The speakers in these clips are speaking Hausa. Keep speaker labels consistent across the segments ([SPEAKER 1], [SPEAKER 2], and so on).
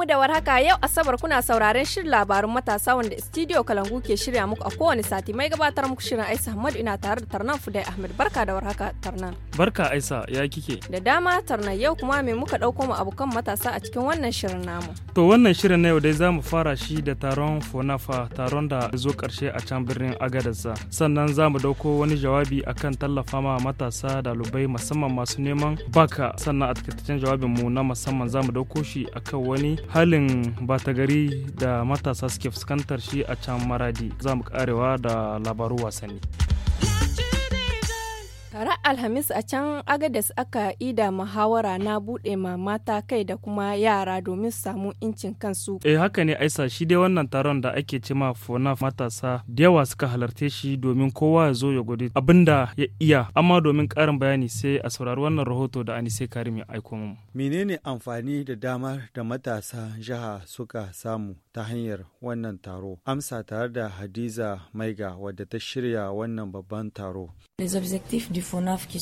[SPEAKER 1] da haka yau asabar kuna sauraren shirin labarun matasa wanda studio kalangu ke shirya muku a kowane sati mai gabatar muku shirin aisa ahmad ina tare da tarnan fudai ahmed barka da warhaka tarnan
[SPEAKER 2] Barka Aisa ya kike.
[SPEAKER 1] Da dama tarna yau kuma me muka ɗauko mu abokan matasa a cikin wannan shirin namu.
[SPEAKER 2] To wannan shirin na yau dai zamu fara shi da taron Fonafa taron da zo karshe a can birnin Agadarsa. Sannan zamu mu ɗauko wani jawabi akan tallafa ma matasa ɗalibai musamman masu neman baka. Sannan a takaitaccen jawabin mu na musamman zamu mu ɗauko shi akan wani halin bata gari da matasa suke fuskantar shi a can maradi. zamu karewa da labaru wasanni.
[SPEAKER 1] Tare Alhamis a can Agades aka ida muhawara na buɗe ma mata kai da kuma yara domin samu incin kansu.
[SPEAKER 2] Eh haka ne Aisa shi dai wannan taron da ake ce ma Fona matasa da yawa suka halarce shi domin kowa ya zo ya gode abinda ya iya amma domin ƙarin bayani sai a saurari wannan rahoto da Anise Karim ya aiko mu.
[SPEAKER 3] Menene amfani da damar da matasa jiha suka samu ta hanyar wannan taro? Amsa tare da Hadiza Maiga wadda ta shirya wannan babban taro.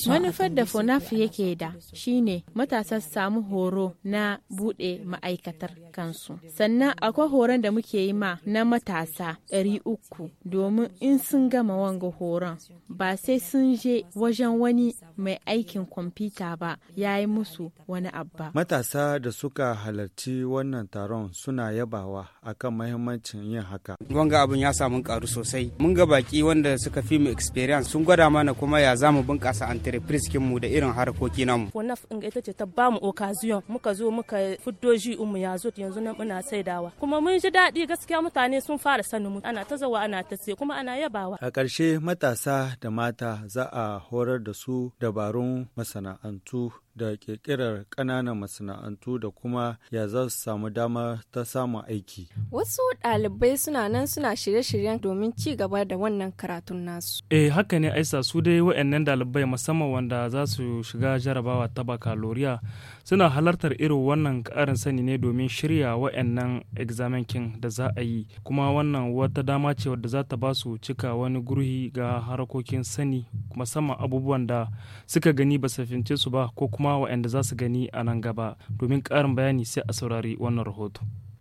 [SPEAKER 1] Manufar da FONAF yake da shine matasa su samu horo na bude ma'aikatar kansu. Sannan akwai horon da muke yi ma na matasa 300 domin in sun gama wanga horon ba sai sun je wajen wani mai aikin kwamfuta ba ya yi musu wani abba.
[SPEAKER 3] Matasa da suka halarci wannan taron suna yabawa akan mahimmancin yin haka. Wanga abin ya samu karu sosai. Mun ga baki wanda suka fi mu experience sun gwada mana mana kuma ya za mu bunƙasa entreprise mu da irin harkoki namu.
[SPEAKER 1] Wannan in ita ce ta ba mu occasion muka zo muka fuddo ji umu ya zo yanzu nan muna saidawa. Kuma mun ji daɗi gaskiya mutane sun fara sanin mu ana ta zawa ana ta sai kuma ana yabawa.
[SPEAKER 3] A ƙarshe matasa da mata za a horar da su dabarun masana'antu da kirkirar ƙananan masana'antu da kuma ya za su samu dama ta
[SPEAKER 2] samun aiki.
[SPEAKER 1] Wasu ɗalibai suna nan suna shirye-shiryen domin ci gaba da wannan karatun nasu.
[SPEAKER 2] Eh haka ne Aisa su su dai wa'annan dalibai musamman wanda za su shiga jarabawa ta bakaloriya suna halartar irin wannan karin sani ne domin shirya wa'annan examen da za a yi kuma wannan wata dama ce wadda za ta ba su cika wani gurhi ga harkokin sani musamman abubuwan da suka gani ba su fince su ba ko kuma wa'anda za su gani a nan gaba domin karin bayani sai a saurari wannan rahoto.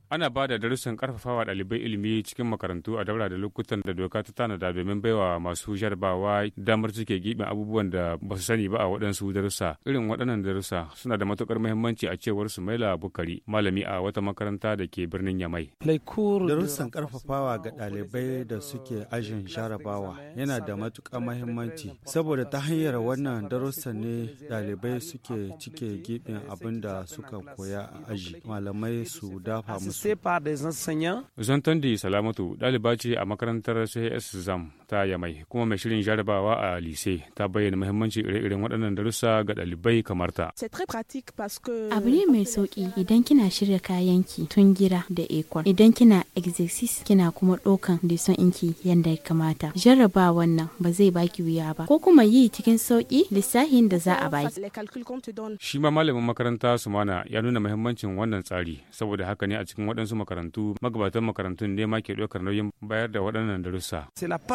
[SPEAKER 4] ana ba da darussan karfafawa dalibai ilimi cikin makarantu a daura da lokutan da doka ta tanada domin baiwa masu jarabawa damar cike giɓin abubuwan da ba su sani ba a waɗansu darussa irin waɗannan darussa suna da matukar muhimmanci a cewar sumaila bukari malami a wata makaranta da ke birnin yamai
[SPEAKER 3] darussan karfafawa ga dalibai da suke ajin jarabawa yana da matukar muhimmanci saboda ta hanyar wannan darussan ne ɗalibai suke cike giɓin abin da suka koya a aji malamai su dafa musu su.
[SPEAKER 4] Zantandi Salamatu ɗaliba ce a makarantar CS Zam ta Yamai kuma mai shirin jarabawa a lise ta bayyana muhimmanci ire-iren waɗannan darussa ga ɗalibai kamar ta.
[SPEAKER 1] Abu ne mai sauƙi idan kina shirya kayanki tun gira da ekon. idan kina exercise kina kuma ɗaukan lison inki yadda ya kamata. Jarabawan nan ba zai baki wuya ba ko kuma yi cikin sauƙi lissahin da za a baki.
[SPEAKER 4] Shi ma malamin makaranta Sumana ya nuna muhimmancin wannan tsari saboda haka ne a cikin waɗansu makarantu magabatan makarantun ne ma ke ɗaukar nauyin bayar da waɗannan darussa.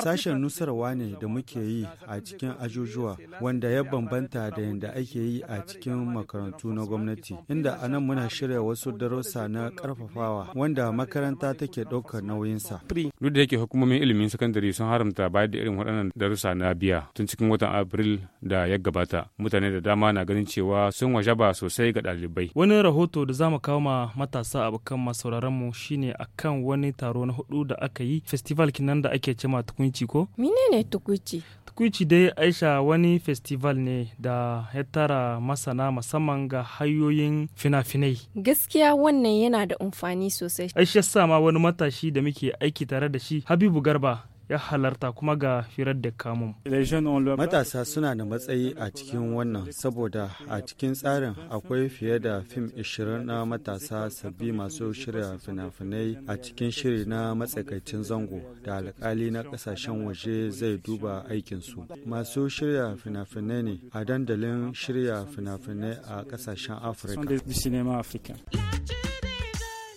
[SPEAKER 3] Sashen nusarwa ne da muke yi a cikin ajujuwa wanda ya bambanta da yadda ake yi a cikin makarantu na gwamnati inda a nan muna shirya wasu darussa na ƙarfafawa wanda makaranta take ɗaukar nauyinsa.
[SPEAKER 4] Duk da yake hukumomin ilimin sakandare sun haramta bayar da irin waɗannan darussa na biya tun cikin watan Afril da ya gabata mutane da dama na ganin cewa sun wajaba sosai ga ɗalibai.
[SPEAKER 2] Wani rahoto da za mu kawo ma matasa kan masu sauraron mu shine akan wani taro na hudu da aka yi festival kinan da ake cema tukunci ko?
[SPEAKER 1] Menene tukunci?
[SPEAKER 2] Tukunci dai Aisha wani festival ne da ya tara masana musamman ga hanyoyin fina-finai.
[SPEAKER 1] Gaskiya wannan yana da amfani sosai.
[SPEAKER 2] Aisha sama wani matashi da muke aiki tare da shi Habibu Garba ya halarta kuma ga hirar da kamun.
[SPEAKER 3] Matasa suna da matsayi a cikin wannan saboda a cikin tsarin akwai fiye da fim 20 na matasa sabbi masu shirya fina-finai a cikin shiri na matsakaicin zango da alkali na kasashen waje zai duba aikinsu. Masu shirya fina-finai ne a dandalin shirya fina-finai a kasashen Afirka.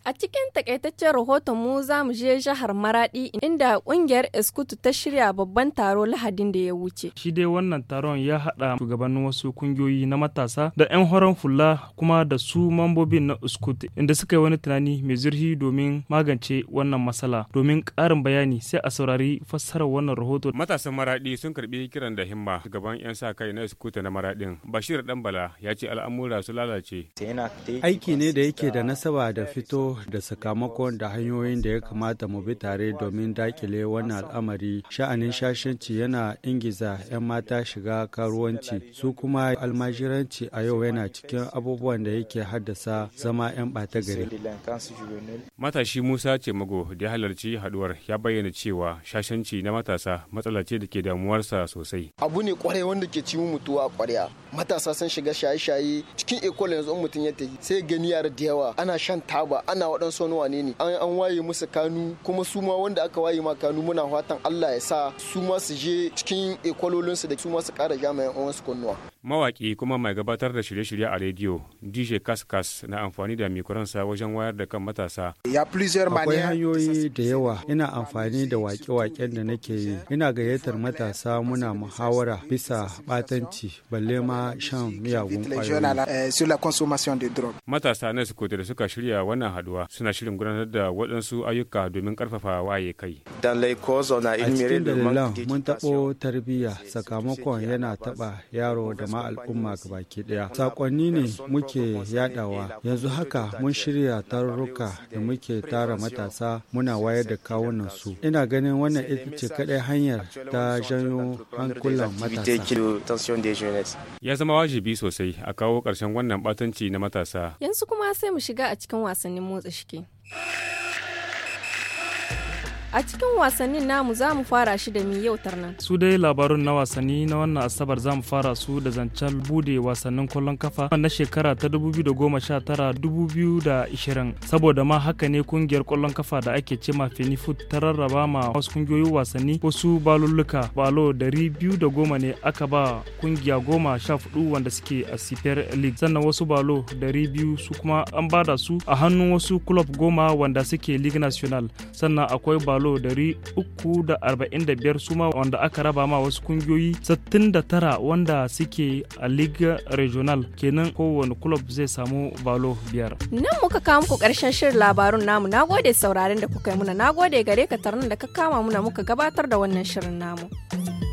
[SPEAKER 1] A cikin takaitaccen rahoton mu za mu je jihar Maradi inda kungiyar Eskutu ta shirya babban taro Lahadin da ya
[SPEAKER 2] wuce. Shi dai wannan taron ya haɗa shugabannin wasu kungiyoyi na matasa da 'yan horon fulla kuma da su mambobin na Eskutu inda suka yi wani tunani mai zurfi domin magance wannan matsala. Domin ƙarin bayani sai a saurari fassarar wannan rahoton
[SPEAKER 4] Matasan Maradi sun karɓi kiran da himma shugaban 'yan sa kai na Eskutu na Maradin. Bashir Danbala ya ce al'amura su lalace. Aiki ne
[SPEAKER 3] da yake da nasaba da fito da sakamakon da hanyoyin da ya kamata mu bi tare domin dakile wannan al'amari sha'anin shashanci yana ingiza 'yan mata shiga karuwanci su kuma almajiranci a yau yana cikin abubuwan da yake haddasa zama 'yan bata gari
[SPEAKER 4] matashi musa ce mago da halarci haduwar ya bayyana cewa shashanci na matasa matsala ce da ke damuwarsa sosai
[SPEAKER 2] abu ne kwarai wanda ke ci mutuwa kwarya matasa sun shiga shaye-shaye cikin ekol yanzu mutum ya tafi sai gani yara da yawa ana shan taba ana ina waɗansu wani wane ne an waye musu kanu kuma su ma wanda aka waye ma kanu muna fatan Allah ya sa su ma su je cikin ekwalolinsu da su ma su ƙara yan uwansu kunnuwa.
[SPEAKER 4] Mawaƙi kuma mai gabatar da shirye-shirye a rediyo DJ Kaskas na amfani da mikuransa wajen wayar da kan matasa.
[SPEAKER 3] Akwai hanyoyi da yawa ina amfani da waƙe-waƙen da nake yi ina gayyatar matasa muna muhawara bisa ɓatanci balle ma shan miyagun ƙwayoyi.
[SPEAKER 2] Euh,
[SPEAKER 4] matasa na su da suka shirya wannan haɗuwa arewa suna shirin gudanar da waɗansu ayyuka domin ƙarfafa waye kai. A cikin dalilan mun
[SPEAKER 3] taɓo tarbiyya sakamakon yana taɓa yaro da ma al'umma gabaki ɗaya. Sakonni ne muke yaɗawa yanzu haka mun shirya tarurruka da muke tara matasa muna wayar da kawunan su. Ina ganin wannan ita ce kaɗai hanyar ta janyo hankulan matasa.
[SPEAKER 4] Ya zama wajibi sosai a kawo ƙarshen wannan batanci na matasa.
[SPEAKER 1] Yanzu kuma sai mu shiga a cikin wasannin motsa розочки. A cikin wasannin namu za mu fara shi da mi yau tarnan.
[SPEAKER 2] Su dai labarun na wasanni na wannan asabar za mu fara su da zancen bude wasannin kwallon kafa na shekara ta 2019-2020. Saboda ma haka ne kungiyar kwallon kafa da ake ce ma Fenifut ta rarraba ma wasu kungiyoyin wasanni wasu balulluka balo goma ne aka ba kungiya goma sha fudu wanda suke a Super League. Sannan wasu balo biyu su kuma an bada su a hannun wasu kulob goma wanda suke League National. Sannan akwai balo da arba'in da 345 suma wanda aka raba ma wasu kungiyoyi sittin da tara wanda suke a liga regional kenan kowane club zai samu balo biyar
[SPEAKER 1] nan muka kawo muku karshen shirin labarun namu na gode sauraren da kuka yi muna gode gare ka tarnan da ka kama muna muka gabatar da wannan shirin namu